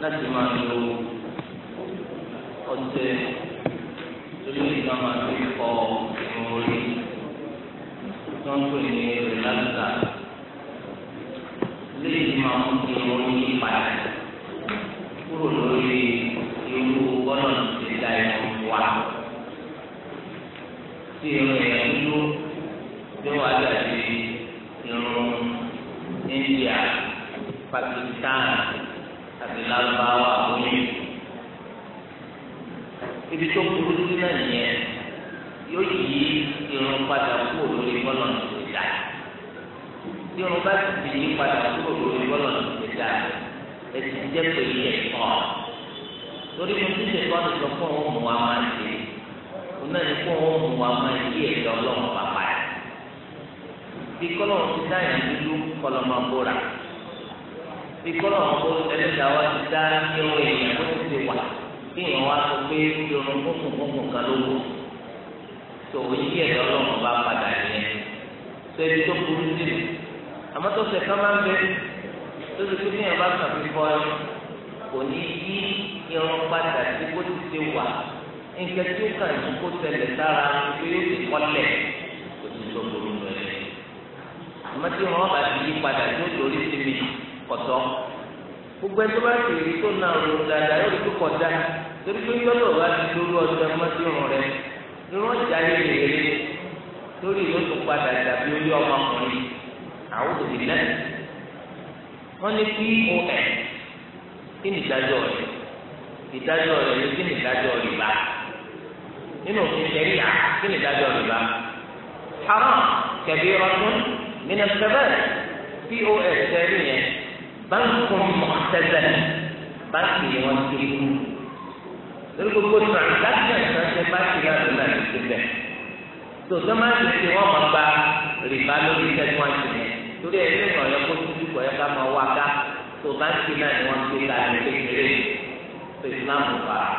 láti máa lo ọtẹ. pàtàkì kó ti ṣe wà nǹkan tí ó kàn yín kó tẹ̀lé sára pé yóò ti kọ́lẹ̀ kó ti tó gbòòrò rẹ̀. àmọ́ tí wọ́n bá ti yí padà tó torí sí mi gbogbo ẹjọ́ bá ti rí tó na òun dáadáa yóò tó kọjá torí pé yọ́dọ̀ bá ti lórí ọjọ́ mọ́tí òun rẹ̀ ni wọ́n já yé rèé lórí yóò tó padà dàbí orí ní kí ìdájọ́ rẹ̀ ní kí ni ìdájọ́ rìbá nínú òfin ṣẹ̀rí yà kí ni ìdájọ́ rìbá haram kẹ̀bí ọdún mínísítẹ́bẹ̀ pos ṣẹ̀rí yẹn báńkì mọ̀tẹ́bẹ̀ báńkì yẹn wọ́n ti kú lórí gbogbo transaction ṣẹṣẹ báńkì láti náà ti ti bẹ̀ tó máa ti ti wọ́n máa gba rìbá lórí tẹ́gbọ́n ti yẹn torí ẹ̀ ní ìrànlọ́kọ́ tuntun kọ̀ yẹ ká máa wá ká tó báńkì náà ni wọ́n ti ta ẹ̀ ṣe islam fara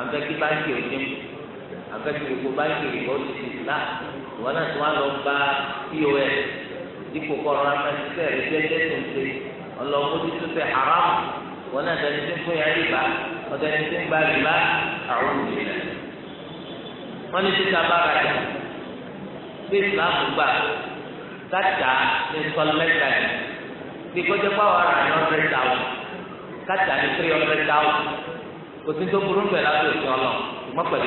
àǹfẹ́ kí báńkì òjò àǹfẹ́ kí gbogbo báńkì òjò ó ti ṣe islam ìwọ náà tí wọ́n lọ gba pos dípò kọ́ ọ̀rọ̀ amẹ́sísẹ́ rẹ̀ jẹ́jẹ́ tó ń ṣe ọlọ́mọdé tó ṣe haram ìwọ náà tẹ̀lé tó ń fún yàrá ìbá ọ̀tẹ̀ ní ń gba ìbá àwọn òṣèlú wọ́n ní títa bá rajà pé islam gbà kájà ní sọlẹ́tà yìí pé kọjá pàwọ́ ara ní ọ̀rẹ́ tàwọn káta ní three hundred thousand kò sí tó burú bẹ̀rẹ̀ láti òfin ni? ṣùgbọ́n pẹ̀lú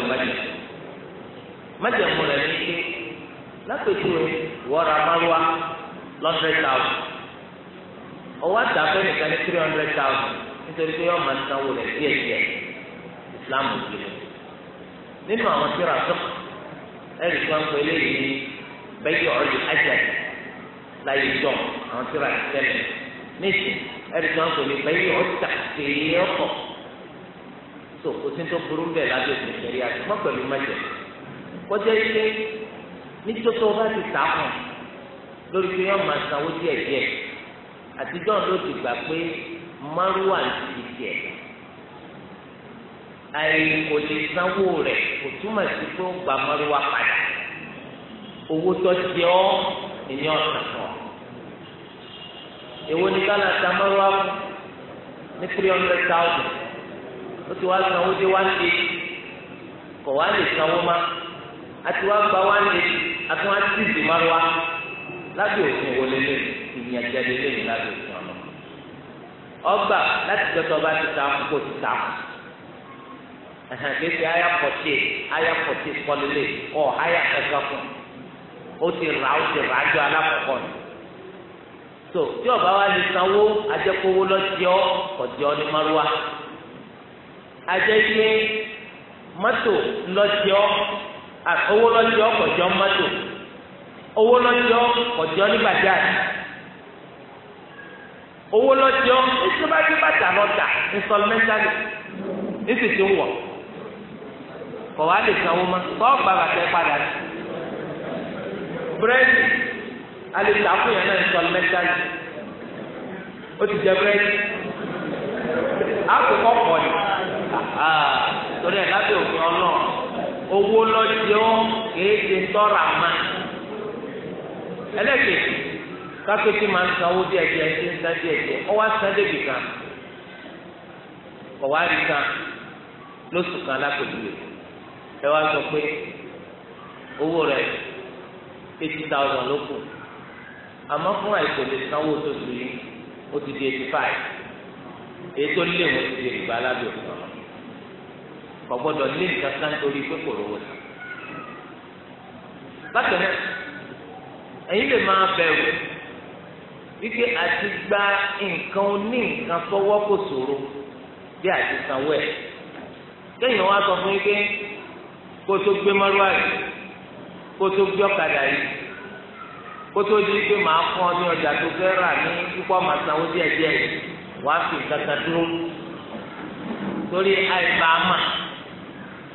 mẹ́jẹ̀ mẹ́jẹ̀ mu rẹ̀ ní pé lápẹ̀tù rẹ̀ wọ́ra márùwá hundred thousand ọwọ́ àtàfẹ́ nìkan ní three hundred thousand nítorí pé yọ́n máa sanwó rẹ̀ díẹ̀ díẹ̀ Islam òkèlè nínú àwọn tíra sọ́k ẹ̀rì kan pé eléyìí ní bẹ́ẹ̀ yọ̀ ọ́ di ajá láyé jọ̀ àwọn tíra sẹ́lẹ̀ níṣẹ́ ẹ̀rí kan kò ní bẹ́ẹ̀ yọ tàkìrì ọkọ̀ tó kò sí tó burú bẹ́ẹ̀ lábẹ́ òfin ìṣẹ̀rí àti wọ́n pẹ̀lú mẹ́jọ kọjá ilé nítòtò bá ti tà kàn lórí pé wọ́n máa sanwó díẹ̀ díẹ̀ àtijọ́ ló ti gbà pé márùwà ti tiẹ̀ àìkò lè sanwó rẹ̀ kò túmọ̀ sí pé ó gba márùwà padà owó tó ti ọ́ ìyẹn ọ̀sán kan èwo ni kálá ta mọ́rọ́ àpò ní three hundred thousand ó ti wá sanwó dé one eighty kọ̀ wá lè sanwó má àti wá gba one eighty àti wá tìsì mọ́rọ́ wa lábẹ́ òfin wo lé lẹ́yìn ìyànjẹ lé lẹ́yìn lábẹ́ òfin ọ̀nà ọgbà láti tọ́tọ́ bá ti ta kó ti ta ẹ̀hàn kéṣe àyà pọ̀tì àyà pọ̀tì kọ́lélẹ̀ ọ̀ àyà kẹsàn-án ó ti rà ó ti rà jọ alákọ̀ọ́kọ́ ni so tí ọba wa lè sanwó ajẹkọwó lọjọ ọjọ ní maruwa ajẹkẹ mọ́tò lọjọ owó lọjọ ọjọ mọ́tò owó lọjọ ọjọ ní bajaj owó lọjọ ìsọmọdé bàtà lọtà ìsọlọmẹtàlì ìsìtì wọ kọ wa lè sanwó mọ kọ ọgbà bàtà ẹ padà bírèdì alẹ́ ta fún yẹn náà sọ mẹ́ta yìí ó ti jẹ búrẹ́dì àkókò pọ̀ ni torí ẹ̀ lábẹ́ òfin ọlọ́ọ̀ owó lọ́jọ́ kéde tọ́ra ma ẹlẹ́kẹ̀ẹ́ kákéjì máa ń sanwó díẹ̀ díẹ̀ ń san díẹ̀ díẹ̀ ọwọ́ asan débi kan ọwọ́ àrí kan lóṣù kan lápẹ̀lúwẹ̀ ẹ wá sọ pé owó rẹ̀ eighty thousand ló kù àmọ́ fún àìkò lè sanwó tó su yìí ó ti di eighty five èyí tó lé wọn ti di ìgbà alábẹ́ òfin ọ̀nà kò gbọ́dọ̀ lé nǹkan kan torí pé kò rówó sàn. bákan náà ẹ̀yin lè máa bẹ̀rù wípé àti gba nǹkan oní nǹkan sọ́wọ́ kò ṣòro bí àti sanwó ẹ̀ kéèyàn wá sọ fún yín pé kó tó gbé mọ́rúwá yìí kó tó gbé ọ̀kadà yìí. kó tó di pé màá fún ọ ní ọjà tó fẹ́ rà ní púpọ̀ màá sanwó díẹ̀ díẹ̀ fi kankan dúró torí àìbá mà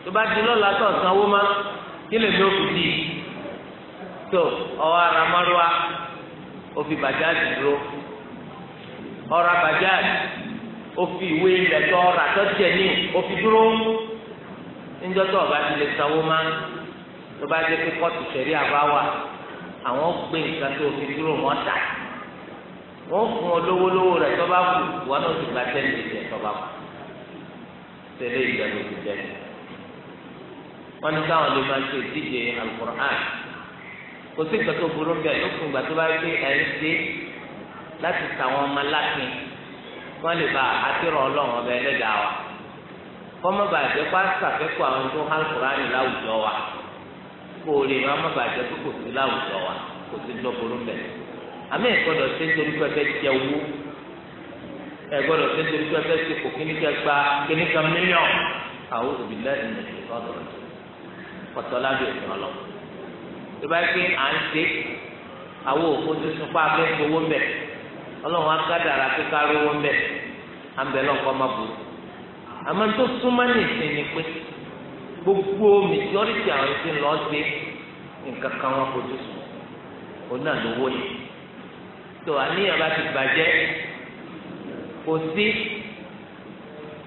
tó bá di lọ́la tó sanwó má kí lè ní òkú dì tó ọwọ́ ara márùá òfin bàjáde dúró ọ̀rọ̀ bàjáde ìwé ilẹ̀ tó ní dúró àwọn gbé nǹkan tó fi dúró wọn tà wọn fún ọ lówó lówó rẹ tó bá kù wọn náà ti gba tẹ́lẹ̀ ìjẹ tó bá kù tẹ́lẹ̀ ìjẹ ló ti jẹ wọn ní káwọn lè máa ṣe ìdíje alukur'an kò sí nǹkan tó burú bẹ́ẹ̀ ló fún ìgbà tó bá gbé ẹ̀rí dé láti tàwọn ọmọ lákin wọn lè ba àtìrọ Ọlọ́run ọbẹ Ẹlẹ́dàá wa kọ́mọ́bà àjẹpá sàfẹ́kọ̀ọ́ àwọn tó hàn kúránì láwùjọ wa kó o lè yọ ọmọ bàjẹ́ tó kò sí láwùjọ wa kò sí lọ́kọ̀ọ́rọ́ bẹ̀. àmì ìgbọ́dọ̀ ṣe nítorí pé ẹgbẹ́ jẹ owó ẹ gbọ́dọ̀ ṣe nítorí pé ẹgbẹ́ ṣe kò kíní kẹ gba kíní kan mílíọ̀n àwọn òbí lẹ́yìn ìrìn ọ̀dọ̀ kọ̀tọ́ lábẹ́ òfin ọlọ. tó bá yẹ à ń ṣe àwọn òkú tuntun fún abẹ́ owó ń bẹ̀ ọlọ́run akádàrà kíkà rówó ń bẹ̀ àǹbẹ̀lọ́kọ́ má burú àmọ́ tó súnmọ́ ní ìsinmi pé gbogbo majority àwọn tí ń lọ sí nǹkan kan wọn fojú sùn ó náà lówó ni tó àníyàn bá ti bàjẹ́ kò sí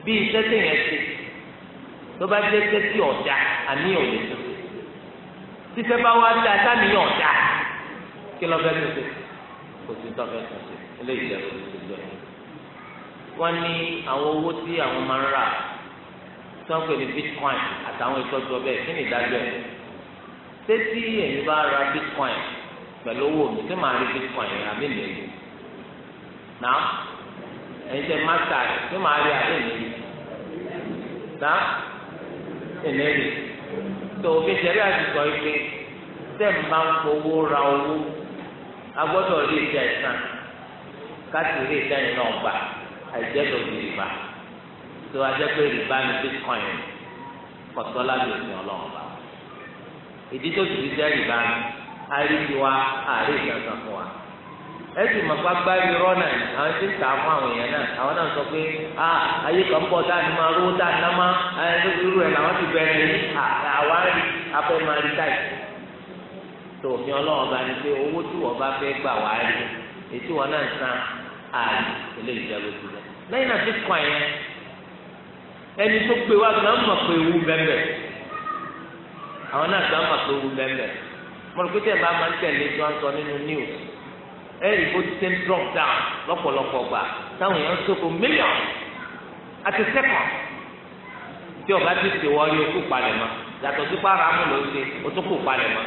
bí iṣẹ́ tẹ̀yàn ṣe tó bá jẹ́ iṣẹ́ tí ọ̀dà àníyàn ò lè tó títẹ́ bá wá dá sáníyàn ọ̀dà kí lọ́ọ́ fẹ́ tó ṣe kò sí tó fẹ́ tó ṣe eléyìí jẹ́ kó tó ṣe lọ́ọ́ wọ́n ní àwọn owó tí àwọn máa ń rà tí wọ́n pè ní bitcoin àtàwọn ìtọ́jú ọbẹ̀ kí ni ìdájọ́ ẹ̀ ṣé tí èmi bá ra bitcoin pẹ̀lú owó mi ṣé màá rí bitcoin rà mí lèlò náà ẹ̀yin tẹ máta rẹ̀ ṣé màá rí àbẹ̀ lèlò náà ẹ̀lẹ́rì tó o fi ṣẹlẹ̀ àtìkọ́ ike tẹ̀ ń bá ń fowó ra owó agbọ́dọ̀ rí ìjà ìsàn káàtì rí ìjà ìnáwó gbà àìjẹ́ lòdì ìgbà. tó a jẹ́ pé rìbá ni bitcoin kọ̀tọ́ láti òfin ọlọ́run ìdí tó sì fi jẹ́ rìbá ni àárẹ̀ ìjọsìn fún wa ẹsì mọ̀pá gbárí rọ́nà àwọn tí ń tà fún àwọn èèyàn náà àwọn náà sọ pé a ayé kan bọ̀ dáàni máa rówó náà ẹ irú làwọn ti bẹ̀rẹ̀ àwa rí ẹni tó pe wa gan mọ̀ pé ewu bẹ́ẹ̀ àwọn náà gan mọ̀ pé ewu bẹ́ẹ̀ mọ̀lùkútẹ̀ bá máa ń tẹ̀lé sọ nínú news ẹ̀rì bó ti ṣe ń drop down lọ́pọ̀lọpọ̀ gbà táwọn èèyàn ń sọ̀kò mílíọ̀n àti tí ọba ti ṣe wọlé okú palẹ̀ mọ́ yàtọ̀ sí pàrọ̀ amú ló ṣe o tún palẹ̀ mọ́.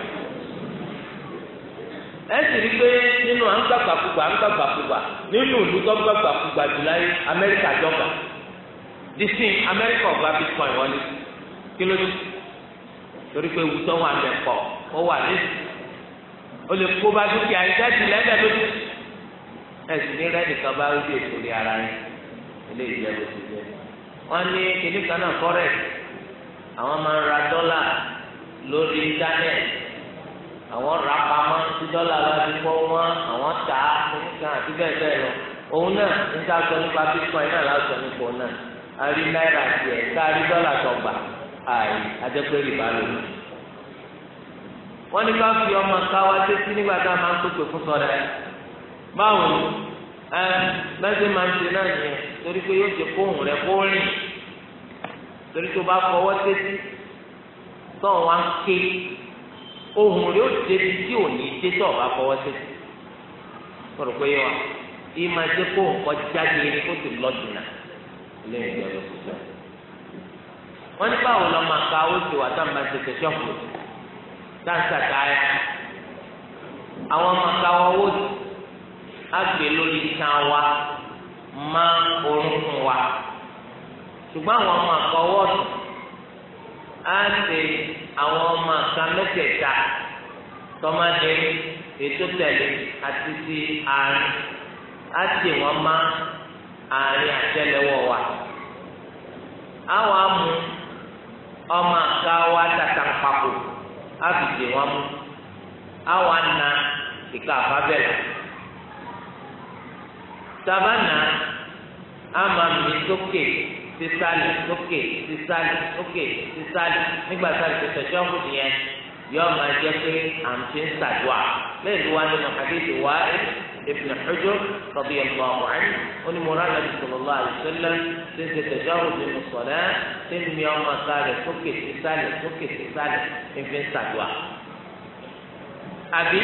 ẹ sì rí pé nínú jọba. disin amẹ́ríkà ọ̀gá bitcoin wọlé kí ló dé torí pé ewu tó wà lẹ̀ pọ̀ ó wà lé o lè kó bá dúkìá ẹ̀ sẹ́ẹ̀tì lẹ́gbẹ̀ lójú ẹ̀sìn ní rẹ́ nìkan bá rí èso rí ara rẹ̀ ilé ìjẹ́ ló ti jẹ́ wọ́n ní kìnnì kan náà kọ́rẹ̀ àwọn máa ń ra dọ́là lórí íńtánẹ́ẹ̀tì àwọn rà pamọ́ tí dọ́là bá ti pọ́ àwọn tà á kìnnì kan àti bẹ́ẹ̀ bẹ́ẹ̀ lọ òun náà níta sọ nípa bitcoin náà láti sọ nípa òun náà. ari náírà tiẹ̀ sáàrí dọ́là tọgbà àì àjẹpẹ́ rìbá lòdì. wọ́n ní ká fi ọmọ káwá sétí nígbà tá a máa ń pèpè fún sọ̀rọ̀ báwo ẹ mẹ́sẹ̀ máa ń ṣe náà yẹn torí pé yóò ṣe kóhùn rẹ̀ kó rìn torí tó bá fọwọ́ wá ń ké ohùn rẹ̀ ó débi tí ò ní bá fọwọ́ yọ ìmọ̀ ẹ̀jẹ̀ kóhùn kọjá kó sì ilé ìjọ ló ti sọ. wọ́n ní báwo lọ máa ka owó ti wà táwọn bá ti fi ṣọ́ọ̀bù dáńsà táyà àwọn máa ka owó àgbè lórí tán wa máa orúnkún wa ṣùgbọ́n àwọn máa ka owó ọ̀tún á ṣe àwọn máa ka mẹ́tẹ̀ẹ̀ta tọ́mádé ètò tẹ̀lé àti ti àárín á ṣe wọ́n máa àárín àtẹ́lẹwọ́ wa àwọn amú ọmọ àká wa tata papò àfìdè wọn mú àwọn àna ìka àfábẹ́là sabana ama mi sókè sísálì sókè sísálì sókè sísálì nígbà tá a ti sọ̀tún ọ̀hún yẹn yọ ọmọ ẹjẹ pé à ń fi ń sàdúà lẹ́yìn tó wá nínú àdéhùn wá ابن حجر رضي الله عنه أن مراد صلى الله عليه وسلم سنة تجاوز من الصلاة سن يوم صالح سكت صالح سكت صالح من فين سادوا أبي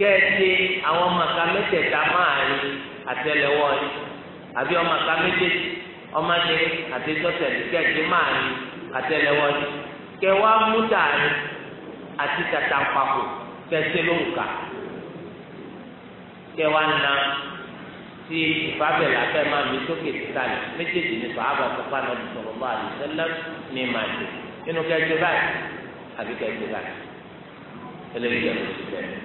kẹ́ẹ̀tì àwọn ọmọ ká mẹ́tẹ̀ẹ̀ta máa rí àtẹlẹwọ́ rí àbí ọmọ ká méjèèjì ọmọdé àtẹjọ́tẹ̀lẹ̀ kẹ́ẹ̀tì máa rí àtẹlẹwọ́ rí kẹ́wàá mú dàrí àti tàtàǹpàkò kẹ́ẹ̀tì lóhùn kà kẹ wá na tí ìfàbẹ̀ làbẹ̀ máa mi sókè síta lẹ̀ méjèèjì ní sàábà sọ́kà náà ti sọ̀rọ̀ bá àlè sẹ́lẹ̀ ní màá dé nínú kẹjọ báyìí àbí kẹjọ báyìí eléyìí yẹn ló ti bẹ̀rẹ̀.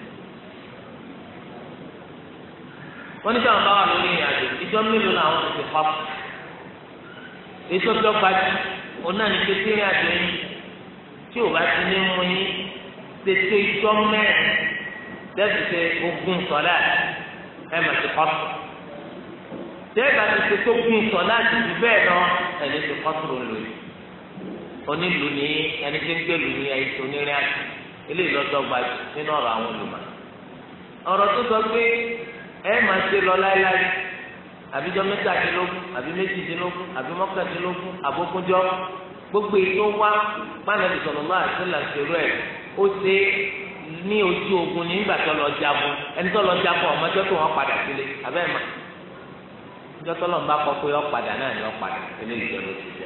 wọ́n ní sáwọn báwa lórí ìrìn àjò ìjọ mélòó làwọn ti fi pa pọ̀ ètò ìjọba òun náà ní kékeré àjò tí ò bá ti ní mú yín tètè ìjọ mẹ́rin. dẹ́bi ṣe ogún sọ̀lá ẹ̀ mà ti kọ́sù dẹ́bi àti ṣe tó gún sọ̀lá ti bẹ́ẹ̀ lọ ẹni ti kọ́sù lò yìí onílù ní ẹni tí ń gbèlú ní ẹyí tó nírin àti eléyìí lọ́dọ́gba nínú ọ̀rọ̀ àwọn olùmọ̀ ọ̀rọ̀ tó sọ pé ẹ máa ṣe lọ láéláé àbíjọ mẹ́tàdínlógún àbí méjìdínlógún àbí gbogbo èyí wa wá pàdánù ní ojú ogun nígbà tó lọ jagun ẹni tó lọ jagun ọmọdé tó wọn padà sílé abẹ́ẹ̀ ma ìjọ tó lọ ń bá kọ pé ọ padà náà ni ọ padà sílé ìjọba ti jẹ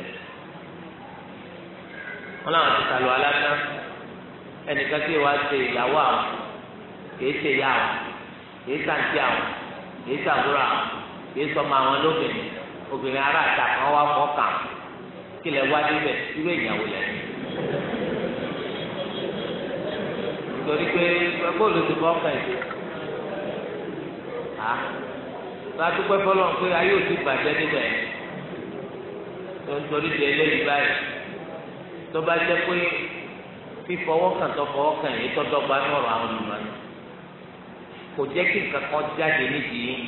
wọn làwọn ti sàlù alásán ẹnìkan tí wàá ṣe ìyàwó àwọn kìí ṣe ìyá àwọn kìí ṣàǹtí àwọn kìí ṣàbúrò àwọn kìí sọmọ àwọn lóbìnrin obìnrin ará àtàkùn wọn wá fọkàn kílẹ̀ wá níbẹ̀ irú ìyàwó lẹ́yìn. torí pé bóòlù ti bọ́ kàn yìí à ah, sàdúpẹ́ fọlọ́ pé ayé òtún bàjẹ́ níbẹ̀ tó ń torí di eléyìí báyìí tó bá jẹ́ pé fífọwọ́ kàn tó fọwọ́ kàn yìí tó dọ́gba ní ọ̀rọ̀ àwọn olùmọ̀ kò jẹ́ kí nǹkan kan jáde nídìí yìí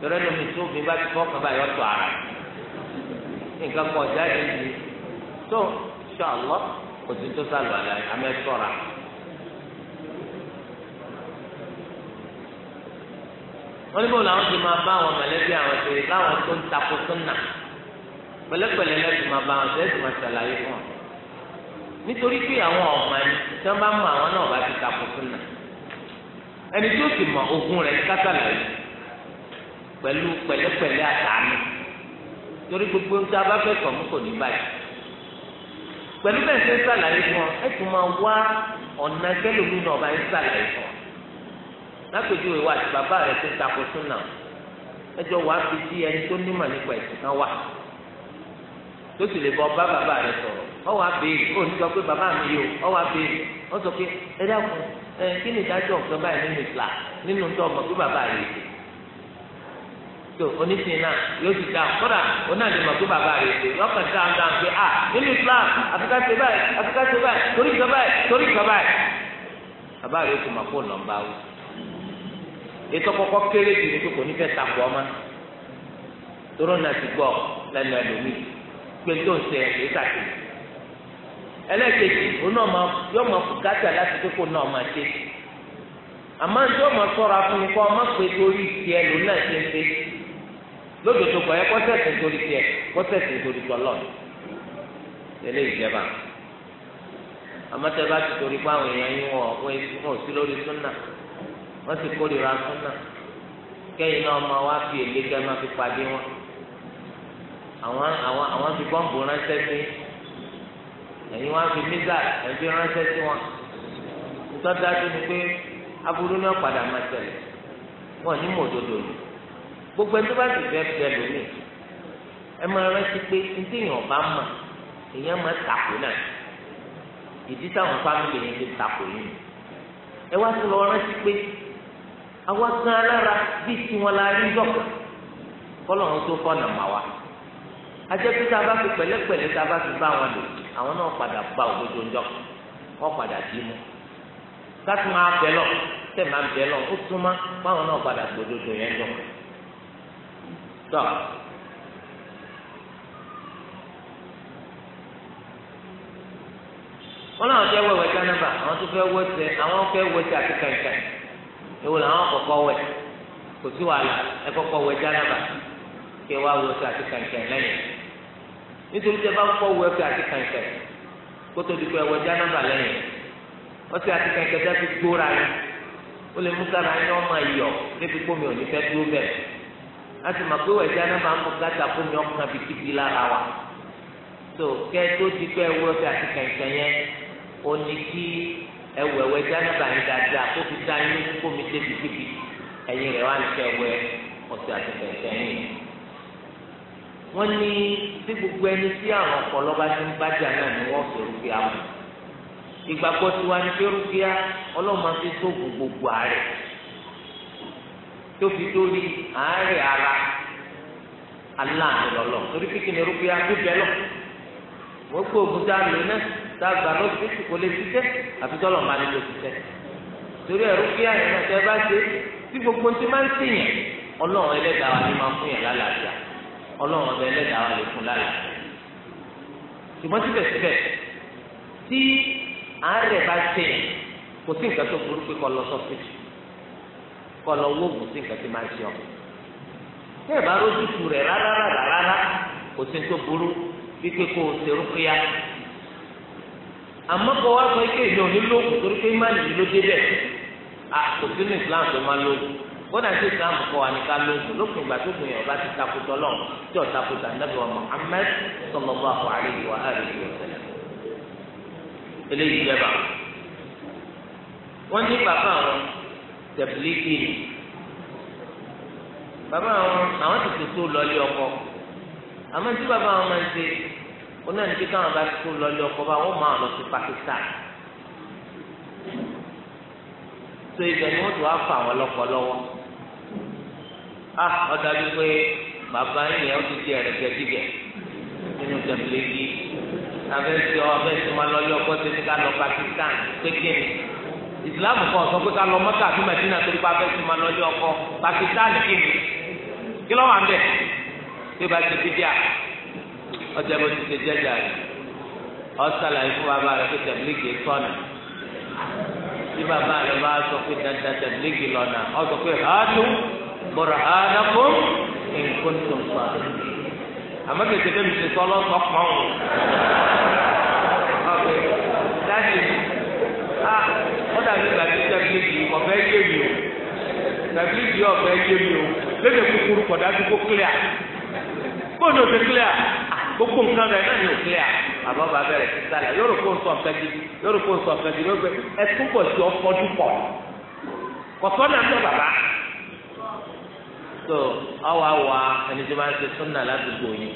tọ́lá ní omi tó obìnrin bá ti fọ́ kaba yọ tọ́ ara nǹkan kan jáde ní tó ṣàlọ́ kò sí tó sàlù àlà amẹ́sọ̀ra. wọ́n ní bọ́ọ̀lù àwọn ti máa bá àwọn mẹ̀lẹ́bí àwọn ṣe láwọn tó ń takò súnà pẹ̀lẹ́pẹ̀lẹ́ lẹ́sìn máa bá àwọn ṣe lẹ́sìn máa ṣàlàyé fún wọn. nítorí pé àwọn ọ̀mà ni tí wọ́n bá mọ àwọn náà bá ti takò súnà ẹni tó sì mọ ogun rẹ̀ ní kásàlàyé pẹ̀lú pẹ̀lẹ́pẹ̀lẹ́ àtàánú torí gbogbo ń tá a bá fẹ́ kọ̀ mú kò ní báyìí pẹ̀lú bẹ́ẹ̀ ṣe ń sàlàyé fún ọ ẹ tún máa wá ọ̀nà kẹlòmí náà bá ń sàlàyé fún ọ. lápèjúwe wa àti bàbá rẹ ti ń takò sún náà ẹjọ́ wàá fi di ẹni tó nímọ̀ nípa ẹ̀sìn kan wà tó sì lè bọ bá bàbá rẹ sọ̀rọ̀ ọ wàá béèrè ó ní sọ pé bàbá mi yìí o ọ wàá béèrè ó sọ pé ẹ dákun ẹ kí ni ìdájọ́ ọ̀sán báyìí nínú ìlà nínú tó ọmọ pé bàbá rẹ yìí tó oníṣe náà yóò ti dáhùn kódà òun náà lè mọ̀ pé bàbá rẹ̀ ṣe yọ kàn dáhùn dáhùn pé à ah, nínú Islam àfikà ṣe báyìí àfikà ṣe báyìí torí ìjọ báyìí torí ìjọ báyìí. bàbá rẹ̀ ti mọ̀ fóònù nọ́mbà wò ètò kọ́kọ́ kéré jù ní pé kò ní fẹ́ takò ọmọ náà ti pé tó ń ṣe yọ láti náà máa ṣe àmọ́ ní ọmọ sọ̀rọ̀ ọmọ pé torí ìṣẹ́ lódodo kọ yẹ kọsẹsì nítorí tiẹ̀ kọsẹsì nítorí tọlọ tẹ́lẹ̀ ìjẹba amátẹbá ti torí pé àwọn èèyàn yín wọn wọn ò sí lórí súnà wọn sì kórìíra súnà kẹyìn náà ọmọ wa fi èlé kẹ máa fi pàdé wọn àwọn àwọn àwọn fi bọ́ǹbù ránṣẹ́ sí ẹ̀yin wọn fi mísà ẹ̀fí ránṣẹ́ sí wọn tọ́jú àti ni pé aburú náà padà máa tẹ̀lé wọn ní mòdodo yìí. gbogbo ẹni tó bá sì fẹ́ bẹ lómi ẹ máa rántí pé ntí èèyàn bá mà èèyàn máa tako náà ìdí táwọn fámìlì yẹn ti tako yìí ẹ wá sí lọ rántí pé àwa gan alára bíi la rí tó tá a bá fi pẹ̀lẹ́pẹ̀lẹ́ tá a bá fi bá wọn lò àwọn náà padà bá òdodo ńjọ padà dì mú طبعا wọn làwọn fẹ́ wẹwẹ kánábà àwọn tó fẹ́ wẹsẹ àwọn fẹ́ wẹsẹ àti kankan ewu làwọn kọ́kọ́ wẹ kò sí wàhálà ẹ kọ́kọ́ wẹ kánábà kẹ wá wẹsẹ àti kankan lẹ́yìn nítorí tẹ bá kọ́kọ́ wẹsẹ àti kankan kótó dùkú ẹwẹ kánábà lẹ́yìn àti kankan dá fi gbóra yẹn ó lè mú sára yẹn ọmọ ayọ̀ débi kómi ò ní a sì mọ̀ pé wẹ̀jẹ̀ anábà ń bùkátà fún mi ọkàn fi kíkí lára wa tó kẹ́ tó di pé ẹwúrọ́ sí àti kẹ̀kẹ́ yẹn ó ní kí ẹwù ẹ̀wẹ̀jẹ̀ anábà yẹn dáadáa kó fi dá yín kó mi débi kíkí ẹ̀yin rẹ̀ wá ní kẹ́ ẹwẹ́ ọ̀sẹ̀ àti kẹ̀kẹ́ yẹn. wọ́n ní bí gbogbo ẹni tí àwọn ọ̀pọ̀lọ́ bá ti ń bájà náà ni wọ́n sọ rúbíà mọ́ ìgbàgbọ́ tiwa ni pé rúbíà ọlọ́mọ ti tó gbogbo àárẹ̀ tó fi dórí àárẹ̀ ara aláàánú lọ́lọ́ torí pé kí ni rúbíà tó bẹ́ lọ. wọ́n gbé oògùn tá a lò náà tá a gbà lọ́sibítù kò lè ṣiṣẹ́ àfi tọ́lọ̀ máa lè lò ṣiṣẹ́. torí ẹ̀rú bí àyè náà tẹ́ bá ṣe tí gbogbo ti máa ń sèyàn ọlọ́run ẹlẹ́dàá wa ni máa ń fún yàn lálàáfíà ọlọ́run ọbẹ̀ ẹlẹ́dàá wa lè fún lálàáfíà. ṣùgbọ́n síbẹ̀síbẹ̀ tí àárẹ̀ bá ṣe kò sí nǹkan tó burú pé kọ́ lọ sọ́sibítù kọ́ lọ wóògùn sí nǹkan tí máa ń ṣe ọ. tẹ́ ẹ̀ bá rójú tu rẹ̀ rárá rárá rárá kò sí tó burú wípé kó o ṣerú kíá. àmọ́ kọ́ wá sọ pé èmi ò ní lóògùn torí pé má nìyí ló débẹ̀. a kò sí ní Islam tó máa lóògùn kódà tí Islam kọ́ wa ní ká lóògùn lópin ìgbà tó gùn yẹn ti takùtọ̀ lọ tí ọ̀ takùtọ̀ ànábì wa Muhammad sallallahu alaihi wa alihi wa sallam. eléyìí jẹba wọn ní bàbá àwọn tẹ̀bílíkì ni bàbá àwọn àwọn ti tètè lọlé ọkọ àmọ́ tí bàbá àwọn máa ń ṣe wọn náà ní kí káwọn bá tètè lọlé ọkọ bá wọn máa lọ sí Pakistan so ibẹ̀ ni wọn tún wá fà wọn lọ́kọ lọ́wọ́ a ọdọ àbí pé bàbá yìnyẹn ó ti di ẹrẹgẹ dìgẹ nínú tẹ̀bílíkì abẹ́sí ọ abẹ́sí wọn lọlé ọkọ tètè ká lọ Pakistan pé kí ni. Islam kan sọ pé ká lọ mọ́tà àti mẹ́tìnà torí pa abẹ́ ti máa lọ ilé ọkọ pakistan kìíní kí lọ́wọ́ à ń bẹ̀ tí o bá ti bídíà ọjà bó ti ṣe jẹjà rẹ ọ̀sàlà ìfún bàbá rẹ pé tẹ̀blígì tọ́nà tí bàbá rẹ bá sọ pé dandan tẹ̀blígì lọ́nà ọ sọ pé hàánú bọ̀rọ̀ hàánàkó nǹkan tó ń fa àmọ́ kẹ̀kẹ́ bẹ́ẹ̀ mi ti sọ lọ́sọ̀ pọ́n o. dàbí gbàgbé tẹ̀blíìtì ọ̀fẹ́ yé mi o tẹ̀blíìtì ọ̀fẹ́ yé mi o lédè kúkúrú kọ̀dá tó kó clear kóòdù ó ti clear gbogbo nǹkan rẹ̀ náà ni ó clear àbọ̀ bá bẹ̀rẹ̀ sísá la yóò rò kó nsọ̀ kẹ́jì yóò rò kó nsọ̀ kẹ́jì ló gbé ẹtú pọ̀ sí ọkọ̀dún pọ̀ kọ̀sọ́ náà tó bàbá. tó ọwọ́ àwọ̀ ẹni tó máa ń ṣe súnà ládùúgbò yìí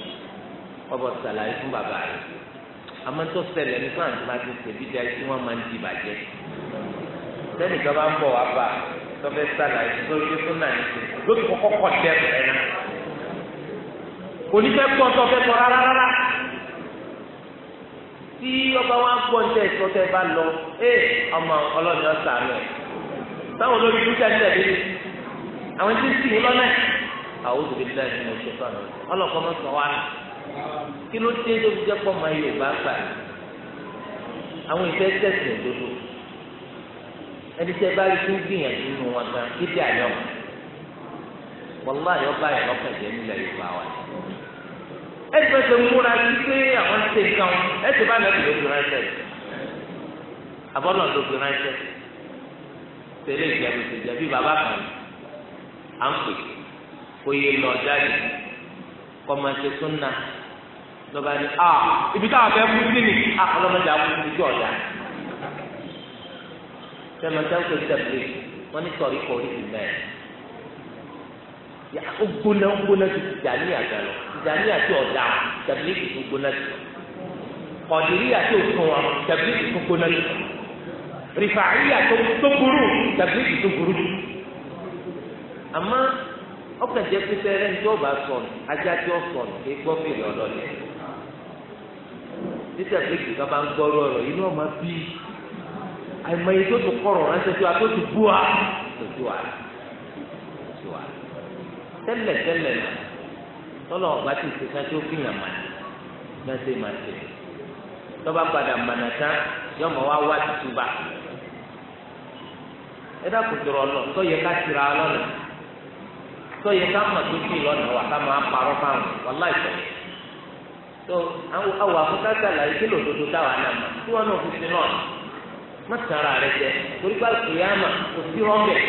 ọbọ̀ sàlàyé fún bàbá rẹ̀ àmọ́ tó ṣẹlẹ̀ nípa àti máa ti pè bí dáa tí wọ́n máa ń di bàjẹ́ sẹ́ni kan máa ń bọ̀ wá bá tọ́fẹ́ sàlàyé lórí tó nà ní sè lóṣù kọ́kọ́ kọ́ tẹ́ ẹ̀ náà onífẹ́ gbọ́ ọba wa gbọ́ ní tẹ̀sí bá lọ ee ọmọ ọlọ́ni ọ̀sán rẹ̀ táwọn olórí dúkìá ní tẹ̀lé àwọn tí ń sìn lọ́nà àwọn ṣe fún sọ kí ló ẹni tí ẹ bá rí fún gbìyànjú nínú wọn gan títí àyọ wàláyọ báyọ lọkàn jẹ nílẹ̀ Yorùbá wa ẹni tó ṣe múra sí àwọn ṣe nǹkan ẹ ti bá nàbì lóṣù ránṣẹ́ àbọ̀nà lóṣù ránṣẹ́ tẹ́lẹ̀ ìjẹun ti bàbá kan à ń pè kó lọ jáde kọ́ súnà lọ́ba ni ah, ibi táwọn fẹ́ kú sí ni a ah, ọlọ́mọdé sẹ́mi ọ̀tá òkè tẹ̀lé wọ́n ní sọ̀rí kọ̀ orí ìgbà ẹ̀ ó gbóná ó gbóná ti tìjàní àgbà lọ tìjàní àti ọ̀dà tẹ̀lé tó gbóná ti ọ̀dìrí àti òkun wọn tẹ̀lé tó gbóná ti rìfàáyì àti tó burú tẹ̀lé tó burú àmọ́ ọkàn jẹ́ pípẹ́ rẹ̀ ní tí ó bá sọnù ajá tí ó sọnù kí gbọ́ fèrè ọlọ́lẹ̀ títẹ̀ fíkì kan bá ń gbọ́rọ̀ àìmọye tó tún kọ̀rọ̀ ránṣẹ́ tó a tó tún bú wa tó tún wa tó tún wa tẹ́lẹ̀ tẹ́lẹ̀ náà tọ́lọ̀ ọ̀gá ti ṣe ká tó fi yàn mà ní náà ṣe máa ṣe tọ́ba padà mànà tán yọ mọ̀ wá wá tutù bá ẹ dákun tó rọ lọ tó yẹ ká tira lọ́nà tó ká mọ̀ tó fi lọ́nà wà ká máa parọ́ fáwọn wàláì tẹ̀lé tó àwọn àfúkásá làyè kí lòdòdó táwa náà tí wọ́n náà fi sin náà má tara rẹ jẹ torí pé àlùkìyàmà kò sí rọ́ọ̀bẹ̀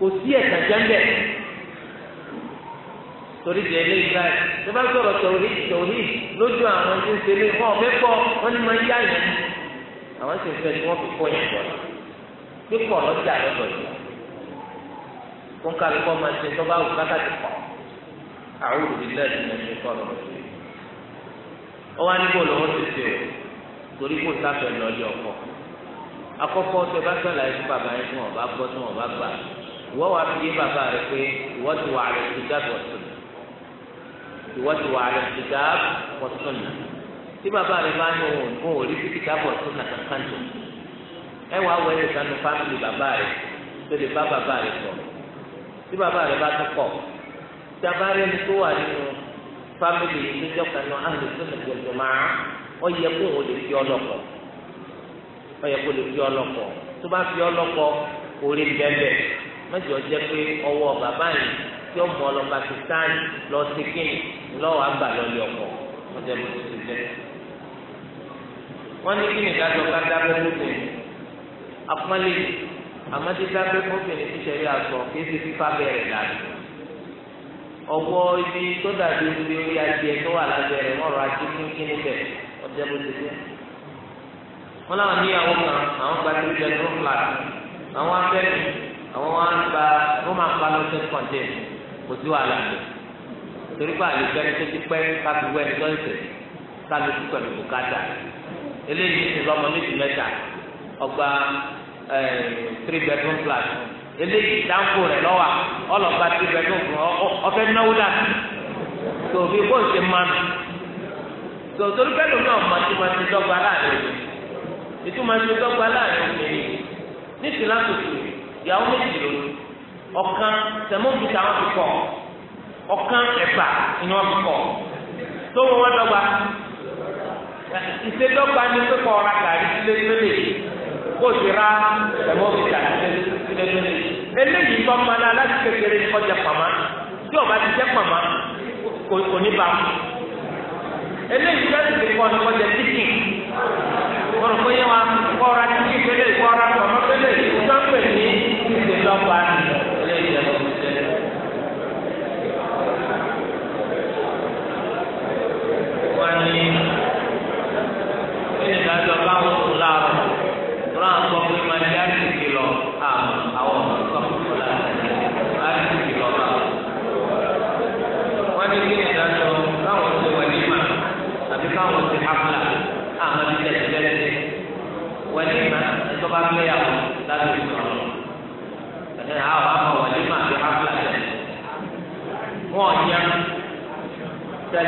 kò sí ẹ̀sán jẹ́ńbẹ̀ torí di ẹlẹ́yìí báyìí tó bá sọ̀rọ̀ tòwí tòwí lójú àwọn tí ń ṣe lé fún ọ̀fẹ́ pọ̀ wọ́n ní máa ń yá yẹn àwọn sì ń fẹ́ tí wọ́n fi kọ́ yẹn bọ̀ pípọ̀ lọ́jà lọ́dọ̀ yìí wọ́n ká lóko máa ṣe tó bá wù kákàtì pọ̀ àwọn olùdílé ẹ̀ ní ẹ̀ṣẹ̀ kọ́ lọ́wọ́ sí i. ó wá ti ṣe o torí kò sáfẹ́ lọ́ọ́ àkọ́kọ́ tó bá sọlá yìí fún bàbá yìí fún ọba gbọ́ fún ọba gbà ìwọ wà fi yé bàbá rẹ pé ìwọ ti wà rẹ ti dábọ̀ sùn ìwọ ti wà rẹ ti dábọ̀ sùn nà tí bàbá rẹ bá ní òun fún òrí ti ti dábọ̀ sùn nà kankan tó ẹ wàá wọ ẹni sanu fámìlì bàbá rẹ tó lè bá bàbá rẹ sọ tí bàbá rẹ bá tún kọ tabarẹ ni tó wà nínú fámìlì yìí níjọ kan náà àhùn sọnà kó òun lè fi ọlọpọ ó yẹ kó lè fi ọlọ́kọ tó bá fi ọlọ́kọ orí bẹ́ẹ̀ mẹ́jọ jẹ́ pé ọwọ́ bàbá yìí tí ó mọ lọ Pakistan lọ sí kíni lọ́wọ́ àgbà lọ́lẹ́ ọkọ̀ wọ́n jẹ́ lóṣù tó jẹ́. wọ́n ní kí ni ìdájọ́ ká dábẹ́ fóbìnrin apọ́nlé àmọ́ tí dábẹ́ fóbìnrin ti ṣẹ̀rí aṣọ kí esi fífa bẹ̀rẹ̀ dàbí. ọwọ́ ibi tó dàbí orí orí adìẹ tó wà lábẹ́ rẹ̀ wọ́n rọ ajé kínkín níbẹ̀ wọ́n jẹ́ lóṣù tó jẹ́ wọn làwọn níyàwó kan àwọn gba three bedroom flat àwọn afẹ́mi àwọn wọn gba room and palo self contained kò sí wàhálà torí pé àlejò ẹni tó ti pẹ́ káfí wẹ́ ẹni tó ń sè káfí kú pẹ̀lú bùkátà eléyìí ti lọ́mọ méjì mẹ́ta ọgbà three bedroom flat eléyìí dáńkò rẹ̀ lọ́wọ́ ọlọ́gba three bedroom ọ̀fẹ́ náwó dà tòbí bó ṣe máa nù tòtòrí pẹ̀lú náà mọ̀ ìtumọ̀ ẹni dọ́gba láàrin obìnrin ní tìlátòtò ìyàwó méjì lónìí ọ̀kan tẹ̀mọ́bìtà wọn ti kọ̀ ọ̀kan ẹ̀fà ni wọn ti kọ̀ tó wọn wọn dọ́gba ìṣèdọ́gba ni pípọ̀ ọ̀ra gàrí sílé lélẹ̀ kó o ti ra tẹ̀mọ́bìtà sílé lélẹ̀ eléyìí tó máa la láti kékeré kọjá pàmà tí ọba ti jẹ́ pàmà kò ní bá eléyìí tó ti kọ́ ọ̀nà kọjá tíkìn wọ́n rò pé yẹn wá kọ́ ra títí pélé kọ́ ra tọ̀nà pélé ìtọ́pẹ̀ ní ìdè lọ́pàá.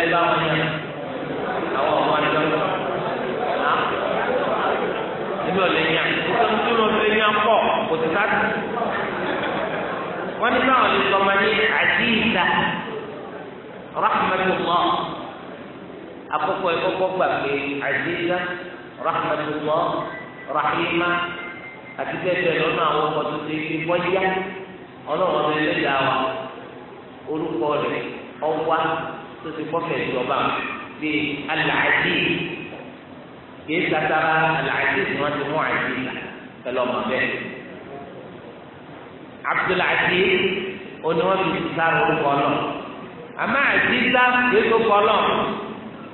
ẹ bá wọn ahụ àwọn ọmọ rẹ lọ́wọ́ níbi ọ̀lẹ́ yàn nítorí tí wọ́n fẹ́ yàn pọ̀ kò sí ká wọ́n ní báwọn lè sọ ma ní àdìsá rahmatulah àkókò ẹ kọ́kọ́ wa tó ti kọ́kẹ́ ìjọba bíi alàájì kìí tatara alàájì ni wọ́n ti mú àjì là pẹ̀lú ọmọ bẹ́ẹ̀. Abdulàjì oní wọn fi sáré orúkọ náà àmọ́ àjì là kìí tó kọ́ náà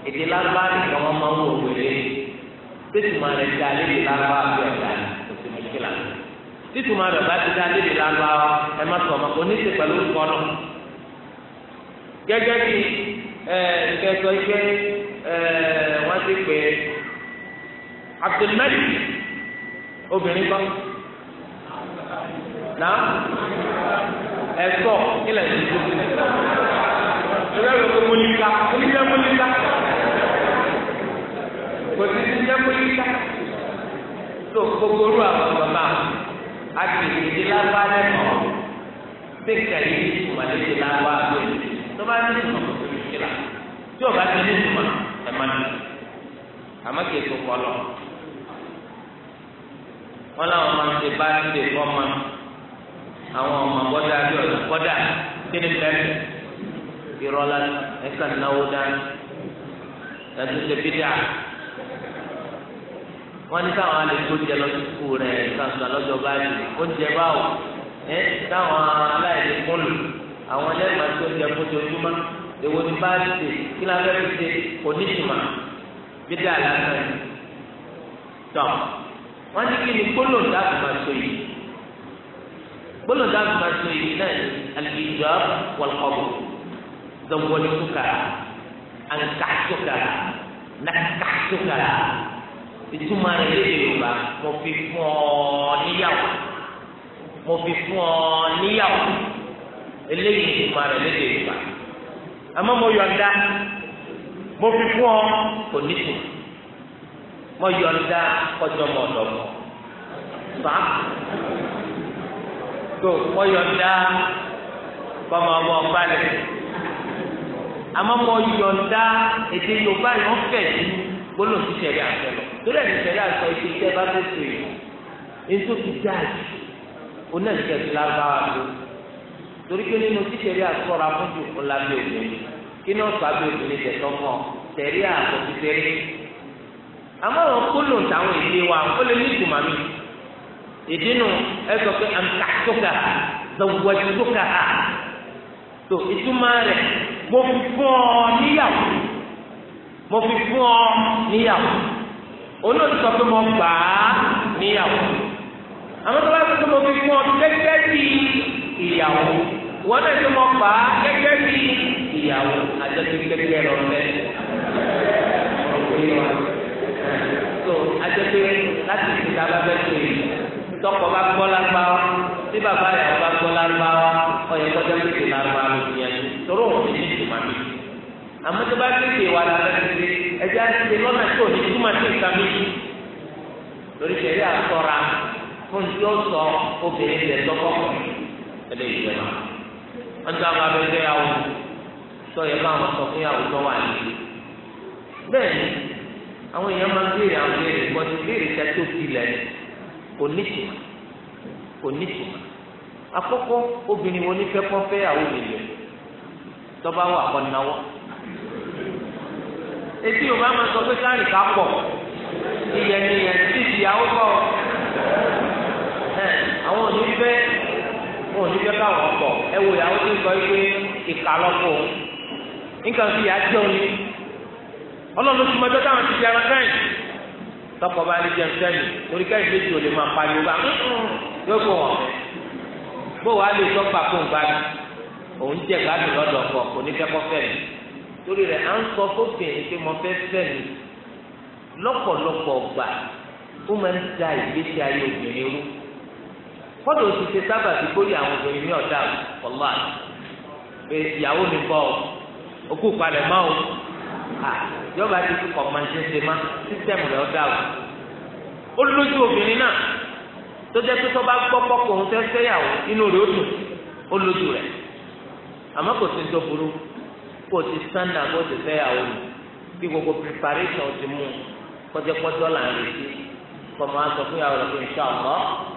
èdè lábá nìkan wọn máa ń wò wẹ̀lẹ́ títúmọ̀ rẹ̀ dá lédè lábá àbí ọ̀dà òsì mùsùlùmá títúmọ̀ rẹ̀ bá ti dá lédè lábá ẹ má sọ ọmọ kò ní ṣe pẹ̀lú orúkọ náà gẹ́gẹ́ bíi nkẹtọ eh, ike eh, wọn ti pè é Abdulmalik obìnrin kan na ẹsọ ilẹ̀ ti tó sílẹ̀ ìrẹ́ rẹ̀ kò mọ̀lìkà oníjẹ́ mọ̀lìkà kò sí ti jẹ́ mọ̀lìkà tó gbogbo ru àwọn bàbá àti ìdílé lágbá lẹ́kọ̀ọ́ pé kẹ̀lé ìtumọ̀ lè ti lágbá lóyún tó bá ní ìtumọ̀ kíra tí o bá ti ní ìtumọ̀ ẹ má dùn àmọ́ kì í tó kọ́ lọ. wọ́n láwọn máa ń ṣe bá ṣe kọ́ ma àwọn ọmọ bọ́dà bí ọ̀dà bọ́dà kí ni bẹ́ẹ̀ ìrọ̀lá ẹ̀ka náwó dání ẹ̀sùn ṣe bí dáa wọ́n ní káwọn alẹ́kọ̀ọ́ jẹ lọ sí sukù rẹ̀ kankan lọ́jọ́ báyìí oúnjẹ báwo ẹ̀ káwọn aláìlẹ́kùn lò àwọn ẹlẹ́gbàá tó jẹ fún ojoojúmọ́ èwo ni bá ti ṣe kí la fẹ́ fi ṣe oníṣìmọ̀ gbédà lásán yìí tọ́ wọ́n ní kí ni gbólóhùn dáàbò máa so yìí gbólóhùn dáàbò máa so yìí náà ní alìjọ wọlọ́kọ̀bù dọ̀gbọ́lì sukara àǹkà sukara nàkà sukara ìtumọ̀ rẹ̀ lédè yorùbá mo fi fún ọ níyàwó mo fi fún ọ níyàwó eléyìí ìtumọ̀ rẹ̀ lédè yorùbá àmọ́ mo yọ̀ǹda mo fi fún ọ kò ní sùn mo yọ̀ǹda kọjọ mọ ọ̀dọ̀ mọ fà á tó mo yọ̀ǹda kọmọ ọmọ ọba lẹ àmọ́ mo yọ̀ǹda èdè Yorùbá yìí wọ́n fẹ̀ sí gbólóhùn sí sẹ̀rí àṣẹ lọ torí ẹ̀mí sẹ̀rí àṣẹ ìṣe tẹ́ bá tó so yìí ètò ti dáàjì onáìjẹ́ lágbára lónìí torí pé nínú títẹ̀rí àtúrà fún jù ó lábẹ́ obìnrin kí ni ọ̀sán abẹ́ obìnrin tẹ̀tọ́ mọ́ tẹ̀rí àtọ̀tẹ̀rí. àmọ́ àwọn kólò táwọn èdè wa ó lè ní ìtumà mi èdè nù ẹ sọ pé àǹtàkùkà zọwọ́dúkà á tó ìtumà rẹ̀ mo fi fún ọ níyàwó mo fi fún ọ níyàwó olóòtú sọ pé mo gbà á níyàwó àmọ́ tó bá sọ pé mo fi fún ọ gẹ́gẹ́ bí ìyàwó wọn náà tó mọ pa gẹ́gẹ́ bí ìyàwó àjọṣepẹpẹ lọ lẹ ọgbẹ wa tó àjọṣe láti fi ta bá bẹ tó yìí tọkọ bá gbọ́ lágbá wa tí bàbá yàrá bá gbọ́ lágbá wa ọyẹ kọjá tètè lágbá wa lòdìyàn tóró òun ti tètè má mi àmọ́ tó bá tètè wà lára tètè ẹjẹ àti tètè lọ́nà tó ní túmọ̀ sí ìsàmì lórí tẹ̀lé àtọ́ra fún tí ó sọ obìnrin rẹ̀ tọkọ ẹlẹ́yìí lẹ́nu wọn tó àwọn abẹ́jọ́ yà wò tó yẹ káwọn sọ fún yàwó tó wà nílé bẹ́ẹ̀ ni àwọn èèyàn máa ń béèrè àwọn béèrè bọ́tí béèrè tẹ tó tilẹ̀ kò ní tìmọ̀ kò ní tìmọ̀ àkọ́kọ́ obìnrin wo ní fẹ́ kọ́ fẹ́ yàwó nílé tọ́ba wà kọ́ náwó etí o máa sọ pé káàrì ká pọ̀ ìyẹn ni ìyẹn ti di àwọn bọ́ọ̀. òní fẹ́ káwọn pọ̀ ẹ wò ìyàwó tó sọ pé ìka lọ́pọ̀ nǹkan fi yà á jẹun ni ọlọ́run ti mọ ẹjọ́ táwọn ti jẹun sẹ́yìn tọkọ bá lè jẹun sẹ́yìn torí kẹ́yìn méjì ò lè máa pariwo bá yóò fò wọ́n bó wàá lè sọ pàkó nǹkan ni òun jẹ gbádùn lọ́dọ̀ ọkọ òní fẹ́ kọ́ fẹ́ mi torí rẹ̀ à ń sọ fóbìnrin pé mo fẹ́ fẹ́ mi lọ́pọ̀lọpọ̀ gbà ó máa ń da ìgbésí ayé kọ́dọ̀ o ti ṣe sábà tí kórè àwọn obìnrin ní ọ̀dà ọ̀lá pé ìyàwó mi bọ̀ ọ́ okú palẹ̀ mọ́ ọ́ à yọba ti kọ̀ máa ṣe ṣe má sísẹ́mù rẹ̀ ọ̀dà ọ́ ó lójú obìnrin náà tó jẹ́ pé tó bá gbọ́ pọ́kọ̀ òun fẹ́ fẹ́yàwó inú rẹ̀ ó dùn ó lójú rẹ̀ àmọ́ kò sí tó burú kò sí sànà kó ti fẹ́yàwó mi bí gbogbo preparation ti mú kọjá pọ́jọ́ là ń retí kọ́ máa sọ fún ìyàwó rẹ̀ pé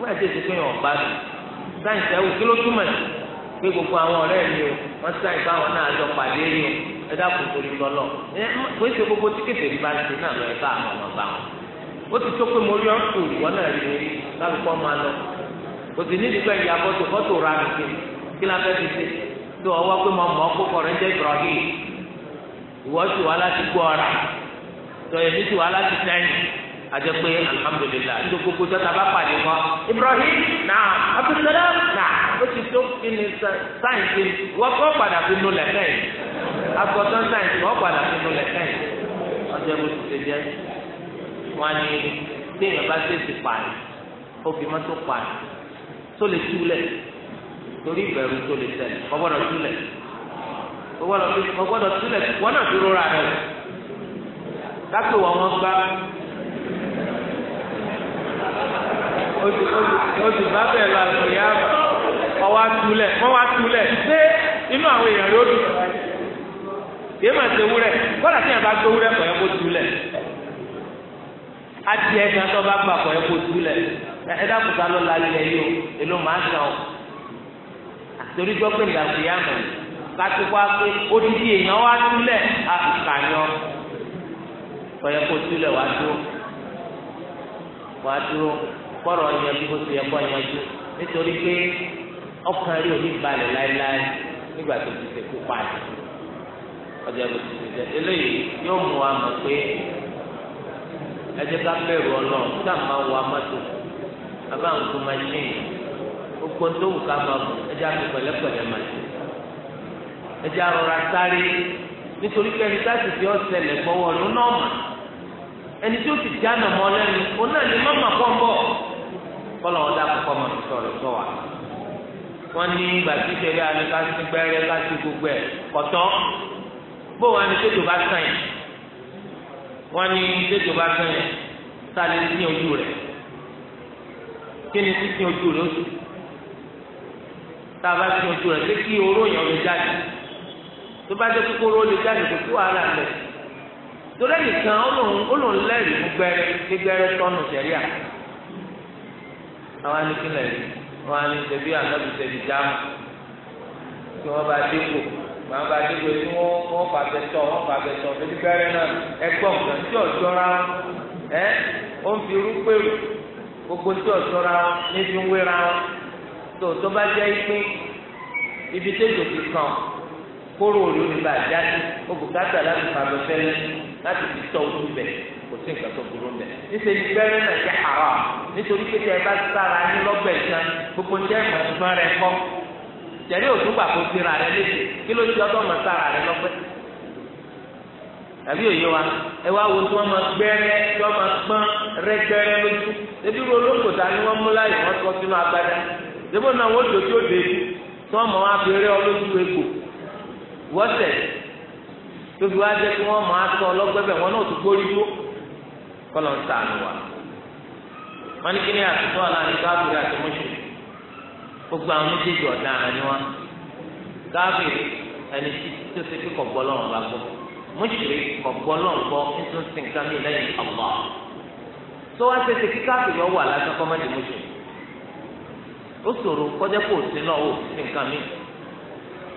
wọ́n ti ti pín ọ̀gbá mi sáyẹ̀nsì ẹ̀wù kí ló túmọ̀ sí pé gbogbo àwọn ọ̀rẹ́ mi o wọ́n sáyẹ̀nsì àwọn náà jọ pàdé rí o ẹ dákun torí tọ́lọ̀ ẹ pé ṣe gbogbo tí kèfèrí bá ń ṣe náà lọ ẹ bá àwọn ọ̀nà bá wọn ó ti tó pé mo rí ọ̀tún ìwọ náà rí orí lálùkọ́ máa lọ kò sì ní ìdígbà ìyá fọ́tò fọ́tò ra mi kiri kí la fẹ́ fi ṣe tó ọwọ́ pé mo mọ̀ ọ́ kókò rẹ jẹ́ ajẹ́ pé alhamdulilah ní gbogbo tó taba pàdé mọ́ Ibrahim na Abdulsalam na ó ti tó kíni sáyẹ̀nsì wọ́n kọ́ padà fi nu lẹ́sẹ̀ yìí agbọ̀tán sáyẹ̀nsì wọ́n padà fi nu lẹ́sẹ̀ yìí ọjọ́ ìbò ti ṣe jẹ́ wọ́n á ní téèyàn bá tètè pààyàn obì mọ́tò pààyàn tó lè túlẹ̀ torí ìbẹ̀rù tó lè tẹ̀lé ọgbọ́dọ̀ túlẹ̀ ọgbọ́dọ̀ túlẹ̀ wọ́n náà dúró ra rẹ̀ lápẹ̀ wọ́n gbá o ti bá bẹ̀rẹ̀ lọ àti ìyá wọn wá túlẹ̀ wọn wá túlẹ̀ ṣé inú àwọn èèyàn ló dùn yé màá ṣe wúrẹ̀ kọ́lá tí yẹn bá gbé wúrẹ̀ kọ̀ yẹ kó túlẹ̀ adìẹ kan tó bá gbà kọ̀ yẹ kó túlẹ̀ ẹ dákùtà ló la lẹ̀ yìí o èló màá sàn o torí gbọ́ pé ìdàgbé yá mọ̀ láti wá pé odidi èèyàn wá túlẹ̀ àfikà yan kọ̀ yẹ kó túlẹ̀ wá tó wàá dúró kọ́rọ̀ yanjú bó ti yẹ kọ́ yanjú nítorí pé ọkàn rí òní balẹ̀ láéláé nígbà tó ti sèkú pààyàn ọjà bó ti sèkú eléyìí yóò mú wa mọ̀ pé ẹ jẹ́ ká bẹ̀rù ọlọ́run tá a máa wọ amátò bàbá ń kú machine gbogbo tó wù ká máa bù ẹ jẹ́ àti pẹ̀lẹ́pẹ̀lẹ́ machine ẹ jẹ́ àrọ̀ra sáré nítorí pé ẹni tá a sì fi ọ̀sẹ̀ lẹ̀ gbọ́wọ́ lónà ọ̀mà ẹni tí ó ti di ànàmọ lẹ́nu òun náà lè má mà pọ̀ ń bọ̀ kọ́lọ̀ wọn kọ́kọ́ máa fi sọ̀rọ̀ sọ wa. wọ́n ní ìgbà tí ìṣẹ̀lẹ̀ àná ká sí gbẹ́rẹ́ ká sí gbogbo ẹ̀ kọ̀tọ́ bó wọn ni tètè bá sàn yẹn wọ́n ní tètè bá sàn yẹn sí ojú rẹ̀ kí ni sí ojú rẹ̀ ó sì tá a bá sí ojú rẹ̀ pé kí oró yẹn ó jáde tó bá dé kókóró ó jáde kó wàhálà lẹ̀ torí nìkan ó lòun lẹ́rìí gbẹrẹ gbẹrẹ tọ́nu sẹ̀ríà àwọn anìkílẹ̀ wọn á ní tẹ̀bí ànábì tẹ̀bí jáàmù tí wọ́n bá dínkù màá bá dínkù tí wọ́n wọ́n fà bẹ́tọ̀ wọ́n fà bẹ́tọ̀ tẹ̀bí gbẹrẹ náà ẹgbọ́n kan tí ọ̀jọ́ ra ẹ ó ń fi irú pèrò gbogbo tí ọ̀jọ́ ra ní fi ń wéra tó tó bá jẹ́ ipín ibi tẹ́jọ́ ti kàn kóró òlù nígbà jáde ó bùkátà láti fà bẹ́tẹ́lẹ́ láti fi tọ́ ojú bẹ̀ kò sí nǹkan tó burú bẹ̀. níṣẹ́ ni bẹ́rẹ̀ náà jẹ́ haram nítorí pété ẹ bá sára ní lọ́gbẹ̀ ìsan gbogbo jẹ́ ìmọ̀túnmọ́ rẹ kọ́ tẹ̀lé òtún gbà kó síra rẹ léṣe kí ló ti ọdọ́ mọ̀ sára rẹ lọ́gbẹ̀. tàbí òye wa ẹ wá wo tí wọ́n máa gbẹ́rẹ́ tí wọ́n máa pọ́n rẹ́gbẹ́rẹ́ lójú ebi ro olóńgbòtà ni wọ́n mú láyé wọ́n sọ sínú agbada débò náà wọ́n dòjú òde tí wọ́n mọ̀ wá fi rẹ́ egbò wọ́sẹ̀ tóbi wá jẹ́ kí wọ́n máa tọ́ ọlọ́gbẹ́bẹ̀ wọn náà tó gbórí dúró kọ́lọ̀ ń sàánù wa. wọ́n ní kí ni àtúntò aláàánú káfíìrì àti mọ́ṣẹ́ gbogbo àwọn méjèèjì ọ̀daràn ni wọ́n káfíìrì ẹni tó ṣe pé kọ̀gbọ́ lọ́rùn bá gbọ́ mọ́ṣẹ́ kọ̀gbọ́ lọ́rùn gbọ́ nítorí sìnkà mí lẹ́yìn ọ̀gbọ́. tó wá ṣẹṣẹ kí káfíìrì ọwọ́ àlásán kọ́ mọ́ṣẹ́ mọ́ṣẹ́ ó ṣòro o sí náà ó sì nǹkan mí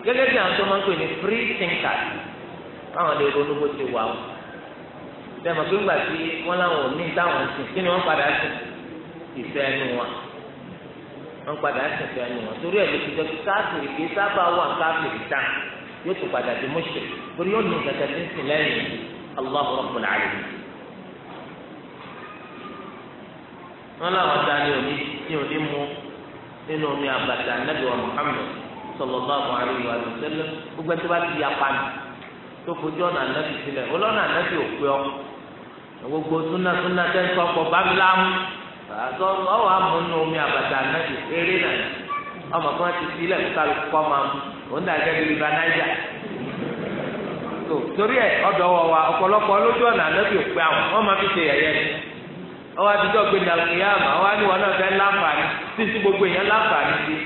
gẹ́gẹ́ bí àwọn tó máa ń pè ní free thinkers káwọn lè ronú bó ti wà ó sẹ́mi pé ńgbà tí wọ́n láwọn ò ní táwọn sìn kí ni wọ́n padà sìn ìfẹ́ ẹnu wọn wọ́n padà sìn ìfẹ́ ẹnu wọn torí ẹ̀ ló ti jẹ́ káàkiri kì í sábà wà káàkiri tán yóò tún padà di mọ́ṣẹ̀ torí yóò ní ìgbàgbọ́ tí ń sìn lẹ́yìn Allahu Rabbul Alamin. wọ́n láwọn dání òní ní òní mu nínú omi àbàtà nàbẹ̀wò Muhammad sallallahu alaihi wa sallam gbogbo ẹ̀ tó bá ti yá pa mi. tó fojú ọ̀nà ànábì sílẹ̀ ọlọ́nà ànábì ò pé ọ gbogbo súnà súnà tẹ́sán ọkọ̀ bámiláhù àtọ́ ọwọ́ amúnú omi àbàtà ànábì eré nàní ọmọ kan ti kọ́ máa mú òun dàgẹ́ bíi tó torí wa ọ̀pọ̀lọpọ̀ lójú ọ̀nà ànábì ò àwọn máa fi ṣe ni ọwọ́ gbé ọwọ́ náà fẹ́ láǹfààní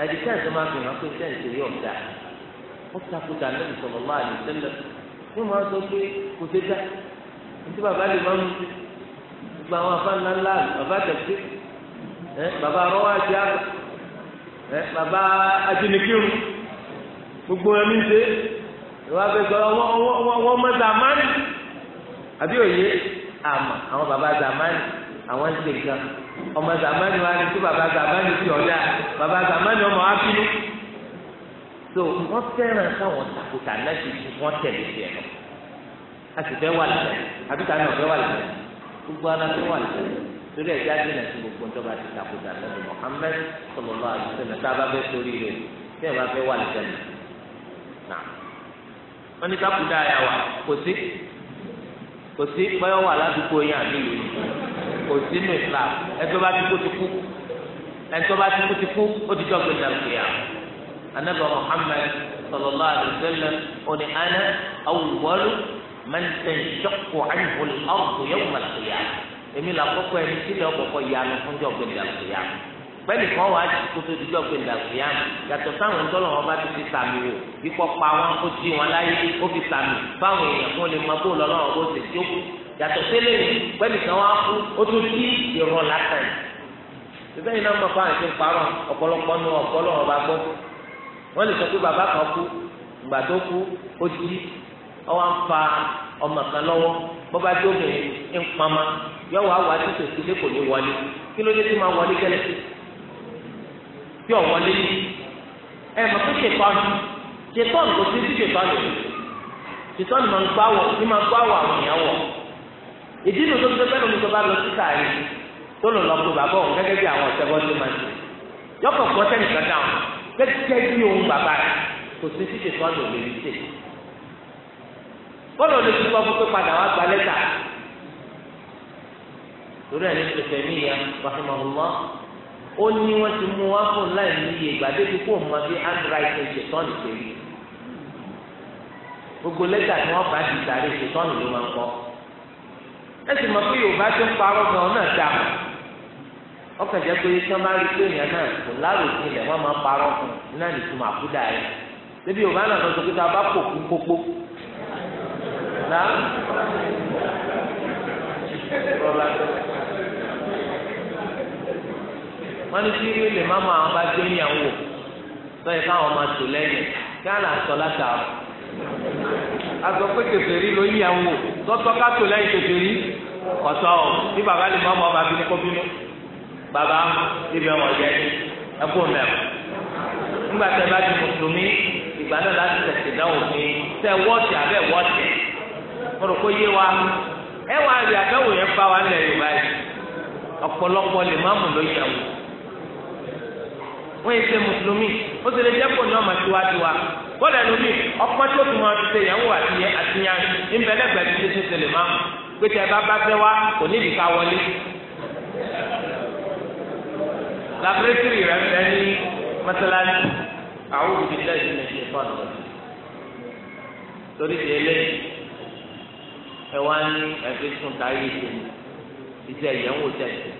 láti sẹ́ǹsì máa fi hàn pé sẹ́ǹsì yóò dà ó takùtà lẹ́nu sọ̀rọ̀ máa lè tẹ́lẹ̀ ó máa sọ pé kò ṣe dá nítorí bàbá lè máa mú gba àwọn afá ńlá ńlá bàbá tẹ̀sí ẹ bàbá rọ́wọ́ àti àgbà ẹ bàbá ajínigbìrún gbogbo ẹni ṣe ìwà abẹ́gbẹ́ wọ́n mọ zamani àbí òye àmà àwọn bàbá zamani àwọn ń ṣe gan ọmọ zamani wa ni tí baba zamani ti ọ̀dà baba zamani ọmọ wa bínú so wọ́n fẹ́ràn káwọn takuta náà ti fi wọ́n tẹ̀lé tiẹ̀ lọ a sì fẹ́ wà lẹ́yìn àbí tani ọ̀fẹ́ wà lẹ́yìn gbogbo ara wà lẹ́yìn torí ẹ̀jẹ̀ adé náà ti gbogbo ń tọ́ba ti takuta náà ti Muhammad sọlọ́lá àdúgbò tá a bá fẹ́ sórí rẹ̀ tí ẹ̀ bá fẹ́ wà lẹ́yìn náà wọ́n ní takuta yà wà kò sí kò sí pẹ́ wà ládùúgbò yẹn àbí yìí kò sínú islam ẹtọ́ bá ti kú ti kú ẹtọ́ bá ti kú ti kú ó ti dọ́gbé dàgbéyà anabi muhammed sallallahu alayhi wa sallam oní ana awuwalu man tanshaqqu anhu al-ardu yawm al-qiyamah èmi là kọ́kọ́ ẹni tí lè ọkọ̀kọ́ yanu fún dọ́gbé dàgbéyà pẹ́ẹ́nì kan wàá ti kú tó ti dọ́gbé dàgbéyà yàtọ̀ sáwọn ntọ́lọ̀ wọn bá ti fi sàmì o ikọ́ pa wọn kó di wọn láyé ó fi sàmì fáwọn èèyàn kó lè yàtọ̀ sílẹ̀ mi pẹ́ẹ́lí kan wá kú ó tún tí ìrọ̀ látàn ṣùgbọ́n iná mọ̀ fáwọn ti parọ́ ọ̀pọ̀lọpọ̀ nu ọ̀pọ̀lọpọ̀ bá gbọ́ wọ́n lè sọ pé bàbá kan kú ìgbà tó kú ó jí ọwọ́ ń fa ọmọ kan lọ́wọ́ bọ́bá tí obìnrin ń yọ wá wá kò ní wọlé kí ló dé tí máa wọlé gẹ́lẹ́ ìdí nu tó ń tẹ́tẹ́ lómi tó bá lọ sí sàárè tó lò lọ pé bàbá òun gẹ́gẹ́ bí àwọn ọ̀sẹ̀ bọ́ sí máa ń ṣe yọkọ̀ kọ́ sẹ́ni kan dáhùn gẹ́gẹ́ bí òun bàbá rẹ̀ kò sí ṣíṣe tó àlọ́ lè ṣe. bọ́ọ̀lù lè fi kọ́ fún padà wá gba lẹ́tà torí ẹni tó fẹ́ mí ya wàhùnmáhùnmá ó ní wọ́n ti mú wá fún láì ní iye ìgbà débi kó mọ bí handwriting ṣe rí ẹ sì mọ̀ pé yorùbá tó ń parọ́ gan náà dà mọ́ ọkàn jẹ́ pé tí wọ́n bá rí pé èèyàn náà kò láròkè lẹ̀ wọ́n máa parọ́ fún un náà nìtumọ̀ àkúdà yẹn débi yorùbá náà lọ́sọ̀ pé tá a bá pò kú kókó náà rọlá wọ́n ní kí lè má máa bá dé ní wò sọ́yìn káwọn máa tò lẹ́yìn kí sọ látà àgọ́ kẹfẹ́ rí ló àwọn wò ká tò lẹ́yìn kẹfẹ́ rí kọ̀tọ́ o bí bàbá lè mọ́ ọmọ ọba bínú kó bínú bàbá ibẹ̀ wọ̀ yẹ ẹkú mẹ́rin nígbà tẹ bá ti mùsùlùmí ìgbà náà láti tẹ̀sí dáhùn ní tẹ wọ́ọ̀tì abẹ́ wọ́ọ̀tì mo rò kó yé wa ẹ wá rí àbẹ̀wò yẹn bá wa ń lẹ̀ yorùbá yìí ọ̀pọ̀lọpọ̀ lè má mú ló yẹ wò wọ́n yẹ ṣe mùsùlùmí ó ti lè jẹ́ pò ní ọmọ tiwantiwa bọ́ọ̀lù ẹnu mi ọpọ́n tó tún wọn ti ṣe yẹn wò àti yẹn àti yẹn ń bẹ lẹ́gbẹ̀ẹ́ ti ṣe ṣe lè má mú pé tẹ bá bá fẹ́ wá kò ní ìdíkà wọlé laboratory rẹ fẹ́ ní mọ́sálásí àwọn olùdíje ìdílé ìdílé fún ọ̀nà torí ti eléyìí ẹ wá ní ẹgbẹ́ tún ta ayé ìṣe mi iṣẹ́ ìyẹ̀wò tẹ̀sí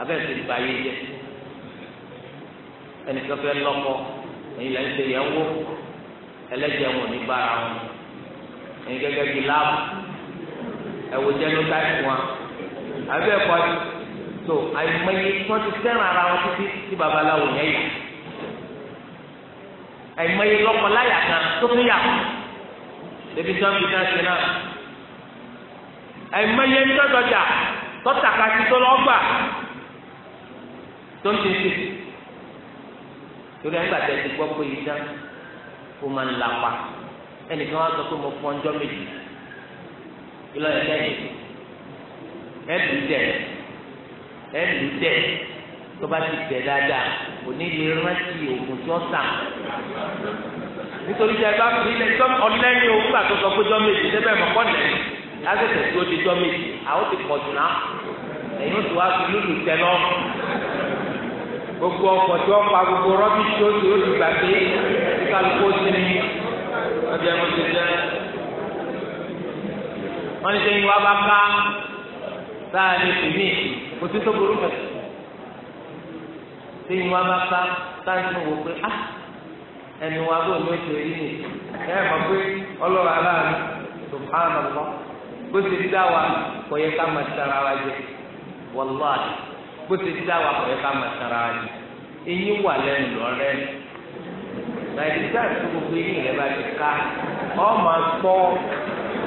abẹ́ẹ̀sì ti ba ayé jẹ́ ẹnìkan fẹ́ lọ́kọ èyí lẹ́yìn ṣe ìyẹ̀wò ẹlẹ́jẹ̀ wọn ní bára wọn èyí gẹ́gẹ́ bíi láàbù ẹ̀wò genotype wọn abẹ́ ẹ̀kọ́ ni so àìmọye wọn ti fẹ́ràn ara wọn títí tí babaláwo yẹn yà àìmọye lọ́kọláyà kan tó tún yà wọn ebi tí wọn fi náà ṣe náà àìmọye ń tọ́jọjà tọ́tàkàtì tó lọ́gbà tó ń ti ṣe torí ẹgbàá tẹ̀ ti gbọ́ pé idán ó máa ń lapa ẹnìkan wá sọ pé mo fọ́ ọjọ́ méjì ìlọ yẹn tẹ̀lé ẹ̀lú tẹ̀ ẹ̀lú tẹ̀ tó bá ti tẹ̀ dáadáa kò ní lè rántí òògùn tó sàn nítorí tẹ bá fi ilẹ̀ tó ọ̀lẹ́ni òun gbà tó sọ pé jọ́ méjì tẹ́ bẹ́ẹ̀ mọ̀ kọ́ nẹ̀ lásìkò tó di jọ́ méjì àwọn ti pọ̀ jù náà ẹ̀yin tó wá fi lùlù tẹ lọ gbogbo ọkọ̀ tí wọ́n pa gbogbo rọ́bì tó ti ó ti gbà pé kálukó sí ni ọjà ẹ̀mọ́ wọ́n ní sẹ́yìn wá bá ká sáà ní tèmi kò sí tó burú mẹ́. sẹ́yìn wá bá ká sáà ní wò pé á ẹni wá bó ló ṣe yí ẹ mọ̀ pé ọlọ́run aláàánú bó ṣe wa kò yẹ ká máa wa jẹ bó ṣe wa kò yẹ ká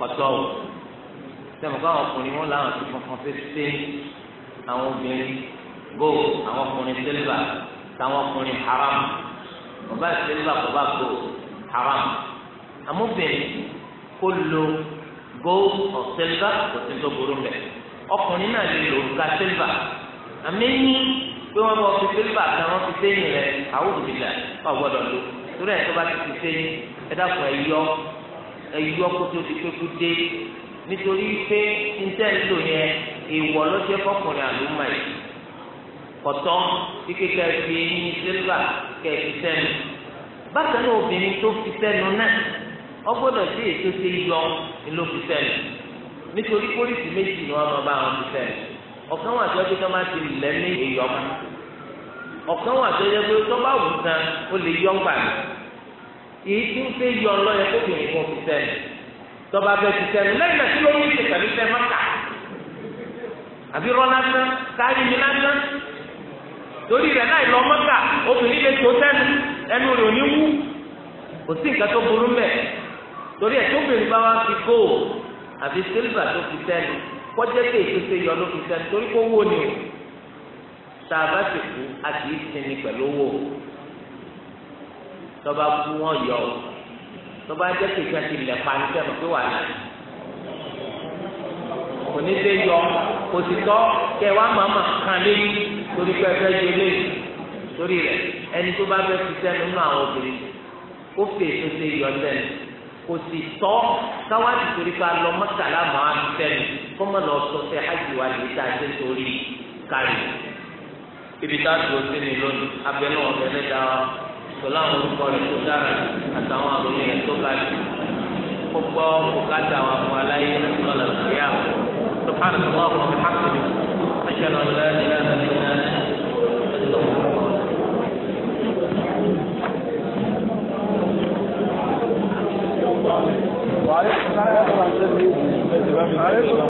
kọtọ o sẹmu kó àwọn ọkùnrin wọn làwọn ti funfun fífífé àwọn obìnrin gold àwọn ọkùnrin sílvà táwọn ọkùnrin haram bàbá sílvà bàbá gold haram àmóbìnrin kó lo gold or silver kò sí tó burú mbẹ ọkùnrin náà lè lo òrùka silver àmẹ́yìn pé wọ́n bọ̀ fi silver kan wọ́n fi sẹ́yìn rẹ̀ àwọn òbí là wọ́n gbọ́dọ̀ lò torí ẹ̀ tó bá ti fi sẹ́yìn ẹ dákun ẹ yọ ẹyọ kótó ti pépú dé nítorí pé níṣẹ́ ńlò yẹn ìwọ ló jẹ́ fọkùnrin àlùmọ̀ yìí kọ̀tọ́ kíkẹ́ ká fi eyín sílvà ká fi sẹ́nu bákan náà obìnrin tó fi sẹ́nu náà ó gbọ́dọ̀ sí èso ṣe yọ ló fi sẹ́nu nítorí pólísì méjì ni wọ́n máa bá wọn fi sẹ́nu ọ̀kan wà tó yẹ kó máa ti lẹ́ ní èyọ́mọ́ ọ̀kan wà tó yẹ kó tó bá wù gan ó lè yọ́ gbà mí èyí tí ń fẹ́ yọ ọlọ́yẹ tó bìnrin kan fi sẹ́nu tọba bẹ ti sẹ́nu lẹ́yìn náà kí ló ń ṣe pẹ̀lú sẹ́nu mọ́ta àbí rọ́ lásán káyé mi lásán torí rẹ̀ náà lọ mọ́ta obìnrin lè tó sẹ́nu ẹnu rẹ̀ ò ní wú kò sí nǹkan tó burú mẹ́ torí ẹ̀ tóbìnrin bá wá fi góò àbí sílvà tó fi sẹ́nu kọjá tó èso ṣe yọ ló fi sẹ́nu torí kó wó ni o tàbá ti kú àti ìsinmi pẹ̀lú owó o tọba kú wọn yọ ọ tọba jẹ kékeré ti lẹ pa ní sẹmu pé wà láti onídé yọ kò sì tọ kẹ wá màmá kan lé torí pé ẹfẹ yé lé torí rẹ ẹni tó bá fẹ́ fi sẹ́nu nínú àwọn obìnrin ó fè é tó ṣe yọ sẹ́nu kò sì tọ́ káwá ti torí pé alọ mọ́tàlá máa ń sẹ́nu kọ́mọ lọ sọ sẹ́ hajj wa lè ta ṣe torí kárí ibi tá a dùn sí ni lónìí abẹ́nú ọ̀bẹ lẹ́dàá. tọ́lá àwọn orúkọ rẹ̀ tó dára àtàwọn àròyìn rẹ̀ tó ga jù kó gbọ́ bùkátà àwọn fún aláyé lọ́la ìyá سبحان الله lọ́wọ́ أشهد أن لا إله إلا أنت أستغفرك وعليكم السلام lọ́wọ́ الله وبركاته